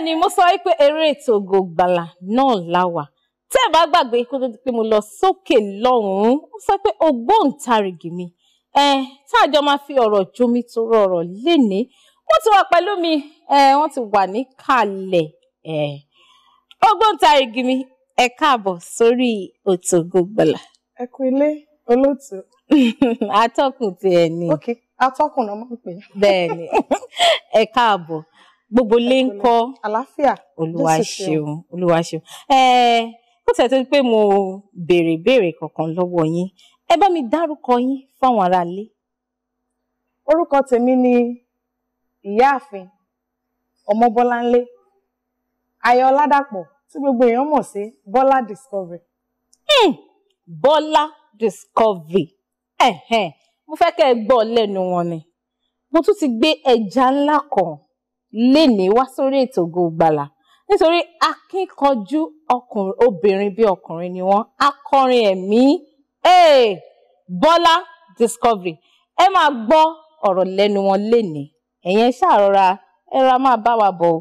bẹ́ẹ̀ ni mo sọ wípé eré ètò Ògo Ìgbàlà náà la wà tẹ́ ẹ̀ bá gbàgbé kó tó di pé mo lọ sókè lọ́hùn-ún ó sọ pé ògbóǹtarìgì mi tá a jọ máa fi ọ̀rọ̀ jomi tó rọrọ̀ lénìí wọ́n ti wà pẹ̀lú mi ẹ̀ wọ́n ti wà ní kalẹ̀ ẹ̀ ògbóǹtarìgì mi ẹ káàbọ̀ sórí ètò Ògo ẹ kú ilé olóòtú. atọ́kùn tiẹ̀ ni. ok atọ́kùn náà máa ń pè é. bẹ́ẹ̀ ẹ káàbọ̀ gbogbo lè ń kọ àlàáfíà olúwa ṣeun olúwa ṣeun ẹẹ tó pé mo béèrè béèrè kankan lọ́wọ́ yín ẹ bá mi dárúkọ yín fáwọn aráalé. orúkọ tèmi ni ìyáàfin ọmọbọláńlé ayọ̀ládàpọ̀ tí gbogbo èèyàn mọ̀ sí bọ́lá discovery. Mm, discovery eh, eh. mo fẹ́ kẹ́ ẹ gbọ́ lẹ́nu wọn ni mo tún ti gbé ẹja ńlá kan lénìí wá sórí ètò Ògo Ìgbàlà nítorí akínkanjú ọkùnrin obìnrin bí ọkùnrin ni wọ́n akọrin ẹ̀mí Bọ́lá Discovery ẹ máa gbọ́ ọ̀rọ̀ lẹ́nu wọn lénìí ẹ̀yẹn ṣàrọra ẹ ra máa bá wa bọ̀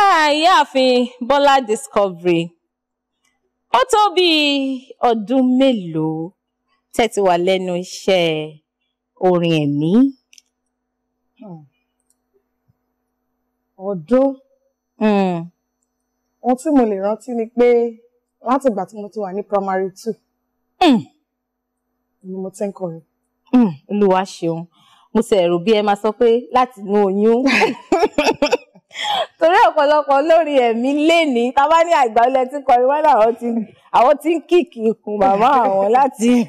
àyàfin ah, Bọ́lá Discovery ó tó bí ọdún mélòó tẹ́ ti wà lẹ́nu iṣẹ́ orin ẹ̀mí. Hmm ọdún um, ohun tí mo lè rántí ni pé láti ìgbà tí mo ti wà ní primary two hmm. ni mo ti ń kọrin. Hmm, olúwa ṣeun mo sì ẹ̀rù bí ẹ máa sọ pé láti inú oyún torí ọ̀pọ̀lọpọ̀ lórí ẹ̀mí léni tá a bá ní àgbà ilẹ̀ tí kọrin wọn làwọn ti ń kíkì ikùn màmá àwọn láti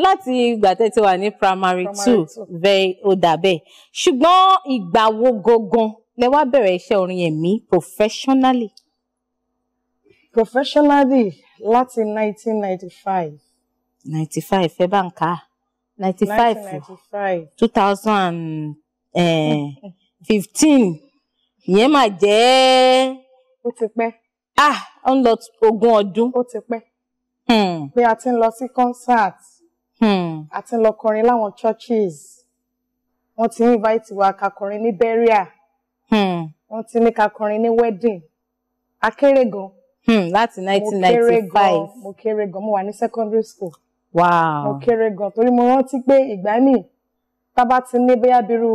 láti ìgbà tẹ́ ti wà ní primary two bẹ́ẹ̀ ó dà bẹ́ẹ̀ ṣùgbọ́n ìgbà wo gangan lẹ wá bẹ̀rẹ̀ iṣẹ́ orin ẹ̀mí professionally. professionally láti nineteen ninety five. ninety five ẹ bá ń kà á ninety five two thousand eh, fifteen ìyẹn máa jẹ́. ó ti pẹ́. ah ó ń lọ ogún ọdún. ó ti pẹ́. pé hmm. a ti ń lọ sí concert Hmm. àti lọ láwọn churches wọ́n ti invite wa ká ní burial hmm. wọ́n ti ní ká ní wedding akéré gan. Hmm, láti 1995 mo kéré mo wà ní secondary school. Wow. mo kéré gan torí mo rántí pé ìgbà míì tá bá ti ní bóyá bírú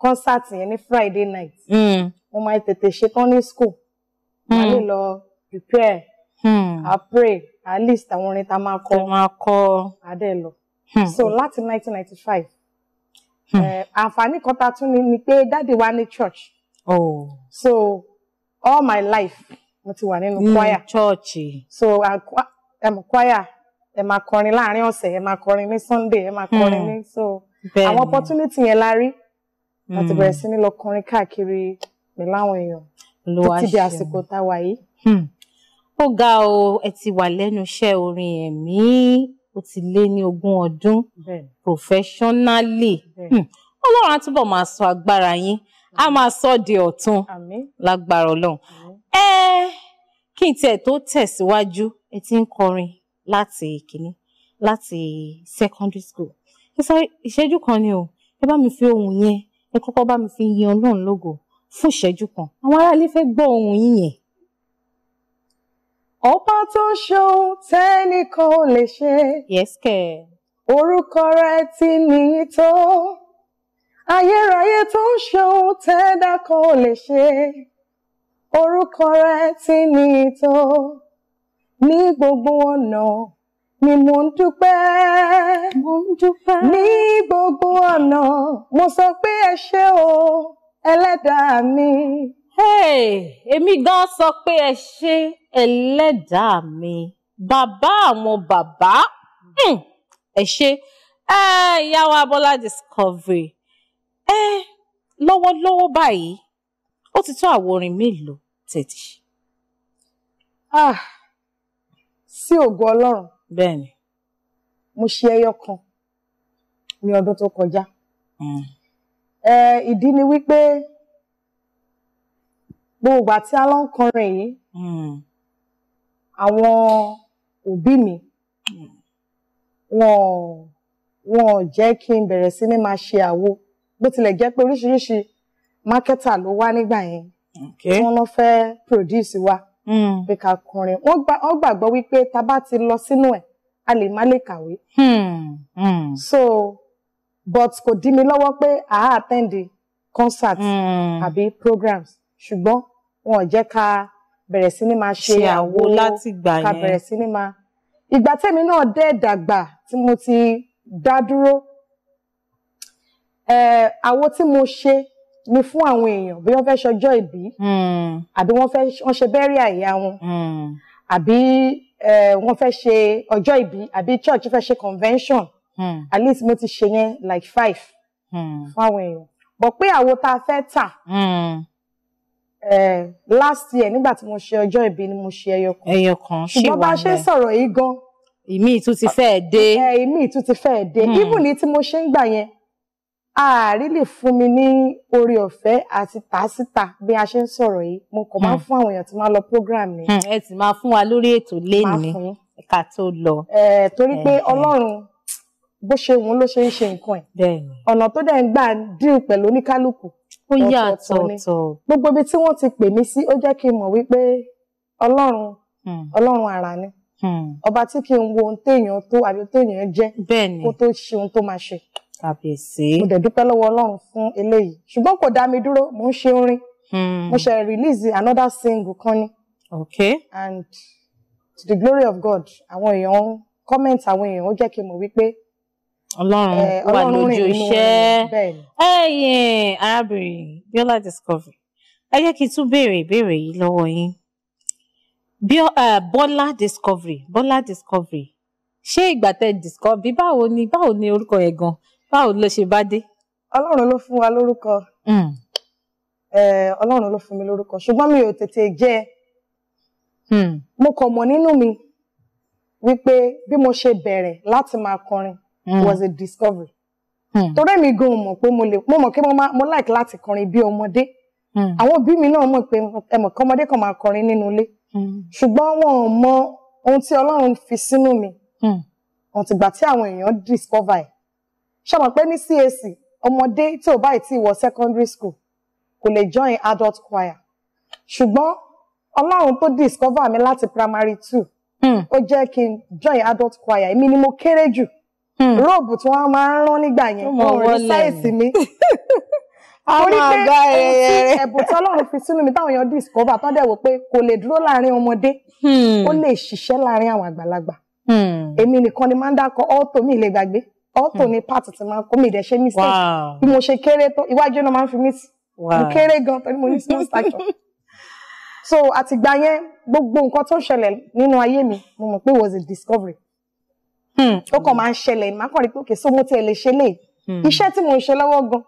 kọ́nsáàtì yẹn ní Friday night. Mm. mo máa tètè ṣetán ní school. màá hmm. lè lọ prepare a hmm. pray at least àwọn orin tá máa kọ máa kọ adé lọ hmm. so láti 1995 hmm. eh, àǹfààní kan tá tún ní ni pé dáàdi wa ní church oh. so all my life mo ti wà nínú choir church so um, choir ẹ máa kọrin láàrin ọ̀sẹ̀ ẹ máa kọrin ní Sunday ẹ máa kọrin ní so àwọn opportunity yẹn la rí láti bẹ̀rẹ̀ sí ní lọ kọrin káàkiri pẹ̀lú àwọn èèyàn tó ti di àsìkò tá a wà yìí ó ga o ẹ ti wà lẹ́nu iṣẹ́ orin ẹ̀mí ó ti lé ní ogún ọdún professionally hmm. ọlọ́run á túbọ̀ máa sọ agbára yín á máa sọ di ọ̀tun lágbára ọlọ́run ẹ kí n tiẹ̀ tó tẹ̀síwájú ẹ ti ń kọrin láti kìíní láti secondary school ẹ sọ ìṣẹ́jú kan ni o ẹ bá mi fi ohun yẹn ẹ kọ́kọ́ bá mi fi yin ọlọ́run lógo fún ìṣẹ́jú kan àwọn aráalé fẹ́ gbọ́ ohun yín yẹn ọba tó ń ṣeun tẹ́nìkan ò lè ṣe. yes kẹ. orúkọ rẹ̀ ti níyì tó ayérayé tó ń ṣeun tẹ́dá kan ò lè ṣe. orúkọ rẹ̀ ti níyì tó ní gbogbo ọ̀nà ni mo ń dúpẹ́. mo ń dúpẹ́. ní gbogbo ọ̀nà mo sọ pé ẹ ṣé o ẹlẹ́dàá mi èmi gan sọ pé ẹ ṣe ẹlẹ́dàá mi bàbá àwọn bàbá hmm, ẹ ṣe ìyá wa Bọ́lá Discovery ẹ lọ́wọ́lọ́wọ́ báyìí ó ti tó àwọn orin mélòó tètè. Ah, sí ògo Ọlọ́run bẹ́ẹ̀ni mo ṣe ẹyọ kan ní ọdún tó kọjá hmm. ìdí ni wípé. Mm. Eh, gbogbo ìgbà tí a lọ ń kọrin yìí hmm. àwọn òbí mi wọn wọn jẹ́ kí n bẹ̀rẹ̀ sí ní máa ṣe àwo bó tilẹ̀ jẹ́ pé oríṣiríṣi mákẹ́tà ló wá nígbà yẹn tí wọ́n lọ fẹ́ produce wa hmm. pé ká kọrin wọ́n gbàgbọ́ wípé ta bá ti lọ sínú ẹ̀ a lè má lè kàwé hmm. so but kò dí mi lọ́wọ́ pé àá àtẹ́ǹdì concert àbí programs ṣùgbọ́n wọn ò jẹ́ ká bẹ̀rẹ̀ sí ní máa ṣe àwo láti gbà yẹn ká bẹ̀rẹ̀ sí ní máa ìgbà tèmi náà dé dàgbà tí mo ti dá dúró àwo tí mo ṣe ni fún àwọn èèyàn bí wọ́n fẹ́ ṣọjọ́ ìbí hmm. àbí wọ́n fẹ́ wọ́n ṣe bẹ́rí àyà wọn hmm. àbí wọ́n fẹ́ ṣe ọjọ́ ìbí àbí church fẹ́ ṣe convention mm. at least mo ti ṣe yẹn like five hmm. fún àwọn èèyàn bọ̀ pé àwo tá a fẹ́ tà. Eh, last year nígbà tí mo ṣe ọjọ́ ìbí ni mo ṣe ẹyọ kan ẹyọ kan ṣì wà bẹ́ẹ̀ ṣùgbọ́n bá a ṣe sọ̀rọ̀ yìí gan. ìmí ìtú ti fẹ́ẹ̀ dé. Eh, ìmí ìtú ti fẹ́ẹ̀ dé hmm. even ní tí mo ṣe ń gbà yẹn ààrí lè fún mi ní orí ọ̀fẹ́ àti tàásítà bí a ṣe ń sọ̀rọ̀ yìí mo kàn máa ń hmm. fún àwọn èèyàn tí máa lọ program ni. Hmm, ẹ sì máa fún wa lórí ètò lénìí ká tó lọ. Eh, torí pé ọlọ́run bó ṣe wù ú ló ṣe ń ṣe nǹkan ẹ̀ ọ̀nà tó dẹ̀ ń gbà dín pẹ̀lú oníkálukú ó yà ọ̀tọ̀ọ̀tọ̀ gbogbo ibi tí wọ́n ti pè mí sí ó jẹ́ kí n mọ̀ wípé ọlọ́run hmm. ọlọ́run àrà ni hmm. ọba tí kì í wo ohun téèyàn tó àbí téèyàn jẹ́ kó tó ṣe ohun tó máa ṣe kàbíyèsí mo dẹ̀ dúpẹ́ lọ́wọ́ ọlọ́run fún eléyìí ṣùgbọ́n kò dá mi dúró mò ń ṣe orin hmm. mo ṣe release another single kan ni okay and to the glory of God àwọn èèyàn comment àwọn èèyàn ó jẹ́ kí n mọ̀ wípé ọlọ́run eh, wà lójú iṣẹ́ ẹ̀yìn arábìnrin Biola Discovery ẹ jẹ́ kí n tún béèrè ìbéèrè yìí lọ́wọ́ yín Bọ́lá eh, Discovery bola Discovery ṣé ìgbà tẹ́ discovery báwo ni báwo ni orúkọ yẹn gan báwo ló ṣe bá dé. ọlọ́run ló fún wa lórúkọ hmm. eh, ọlọ́run ló fún mi lórúkọ ṣùgbọ́n mi ò tètè jẹ́ hmm. mo kàn mọ̀ nínú mi wípé bí mo ṣe bẹ̀rẹ̀ láti máa kọrin Hmm. was a discovery. Hmm. torí èmi gan mọ̀ pé mo lè mo mọ̀ pé mo like láti kọrin bí ọmọdé hmm. àwọn òbí mi náà mọ̀ pé ẹmọ̀ kí ọmọdé kan máa kọrin nínú ilé ṣùgbọ́n wọn ò mọ ohun tí Ọlọ́run fi sínú mi ọ̀tìgbà tí àwọn èèyàn discover ẹ̀ ṣọmọ pé ní CAC ọmọdé tí ò báyìí tí wọ secondary school kò lè join adult choir ṣùgbọ́n Ọlọ́run tó discover mi láti primary two ó jẹ́ kí n join adult choir èmi ni mo kéré jù. Hmm. róòbù tí wọ́n máa ń rán nígbà yẹn mo rí sáìsì mi torí pé ẹ̀bùn tí ọlọ́run fi sínú mi táwọn èèyàn discover tó dẹ̀ wò pé kò lè dúró láàrin ọmọdé hmm. ó lè ṣiṣẹ́ láàrin àwọn àgbàlagbà hmm. èmi nìkan ni máa ń dákọ ọ́tò mi lè gbàgbé ọ́tò ni pàtó ti máa ń kó mi ìdẹ̀ ṣe mistake bí mo ṣe kéré tó iwájú náà máa ń fi mí sí mo kéré gan torí mo ní small stature so àtìgbà yẹn gbogbo nǹkan tó ṣẹlẹ̀ nínú ayé mi mo mọ̀ pé was a discovery Hmm. ó kàn máa ń ṣẹlẹ̀ má kàn rí pé òkè so mo tiẹ̀ lè ṣe lè hmm. iṣẹ́ tí mo ṣe lọ́wọ́ gan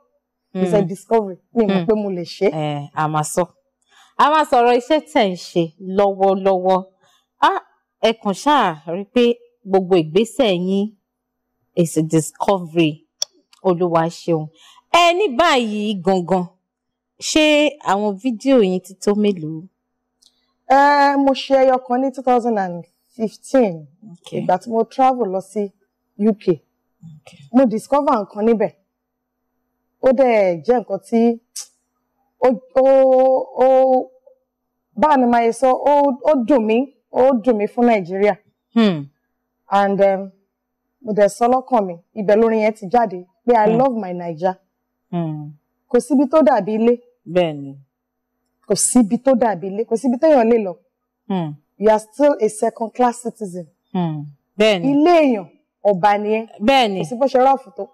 hmm. is a discovery mi mọ̀ pé mo lè ṣe. Eh, a máa sọ a máa sọ̀rọ̀ iṣẹ́ tẹ̀ ń ṣe lọ́wọ́lọ́wọ́ ẹ kàn ṣáà rí pé gbogbo ìgbésẹ̀ yín is a discovery olúwa ṣeun ẹ ní báyìí gangan ṣé àwọn fídíò yín ti tó mélòó. ẹ eh, mo ṣe ẹyọ kan ní two thousand and fifteen ìgbà tí mo travel lọ sí UK okay. mo discover nǹkan níbẹ̀ ó dẹ̀ jẹ́ nǹkan tí ó ó ó báà ni máa yẹ sọ ó ó dùn mí ó dùn mí fún Nàìjíríà hmm. and um, mo dẹ̀ sọ lọ́kàn mi ibẹ̀ lórin yẹn ti jáde pé I hmm. love my Naija hmm. kò síbi tó dàbí ilé bẹ́ẹ̀ ni kò síbi tó dàbí ilé kò síbi téèyàn lè lọ. Hmm. you are still a second class citizen. Hmm. bẹ́ẹ̀ni ilé èèyàn ọba nìyẹn bẹ́ẹ̀ni kò sí bó ṣe rọ́ọ̀fù tó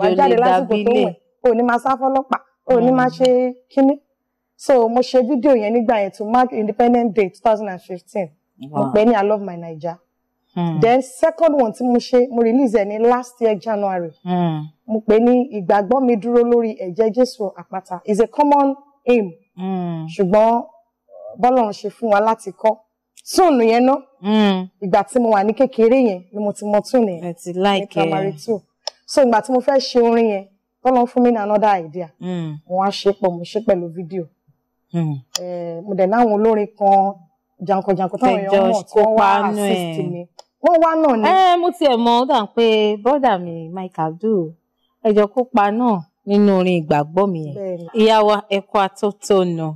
wà jáde lásìkò tó wẹ̀ o ní máa sá fọ́lọ́pàá o ní máa hmm. ṣe kínní so mo ṣe fídíò yẹn nígbà yẹn to mark independent day two thousand and fifteen mo pè ní i love my naija mm. then second one tí mo ṣe mo release ẹ ní last year january mm. mo pè ní ìgbàgbọ́ mi dúró lórí ẹ̀jẹ̀ jésù àpáta is a common aim hmm. ṣùgbọ́n bọ́lọ̀ ń ṣe fún wa láti kọ́ túùnù yẹn ná hmm. ìgbà tí mo wà ní kékeré yẹn ni mo ti mọ túùnù yẹn ẹ ti láìkẹ ní primary two so ìgbà tí mo fẹ́ ṣe orin yẹn tọ́lọ́ fún mi ní another idea hmm. mo wá ṣe pọ̀ mo ṣe pẹ̀lú fídíò hmm. eh, mo dẹ̀ náwọn olórin kan jankojanko táwọn èèyàn mọ̀ tí wọ́n wá assist mi wọ́n wá náà ni. ẹ eh, mo tiẹ̀ mọ̀ ó dà pé bọ́dà mi Mike Abdul ẹjọ́ kópa náà nínú orin ìgbàgbọ́ mi yẹn ìyá wa ẹ̀kọ́ atótónu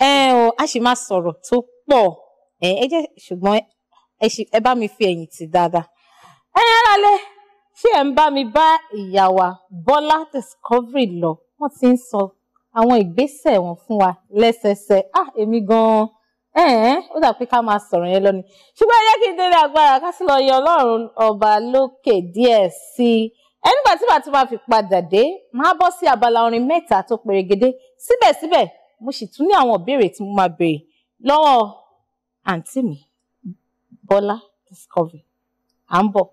ẹ eh, o a sì máa sọ̀rọ̀ tó pọ̀ ẹ ẹ jẹ́ ṣùgbọ́n ẹ bá mi fi ẹ̀yìn tì dáadáa ẹ̀yin aráalé ṣé ẹ ń bá mi bá ìyá wa Bọ́lá Discovery lọ wọ́n ti ń sọ àwọn ìgbésẹ̀ wọn fún wa lẹ́sẹẹsẹ ah èmi gan-an ẹ̀ẹ́n ó dà pé ká máa sọ̀rọ̀ yẹn lónìí ṣùgbọ́n ẹ jẹ́ kí n délé agbára ká sì lọ yọ Ọlọ́run ọba lókè díẹ̀ sí i ẹnìgbà tí bàtí máa fi padà dé máa bọ́ sí abala orin mẹ́ta tó perégedé síbẹ̀síbẹ̀ mo sì tún ní àwọn ìbéèrè tí mo máa béèrè lọ́wọ́ àǹtí mi Bọ́lá Discovery à ń bọ̀.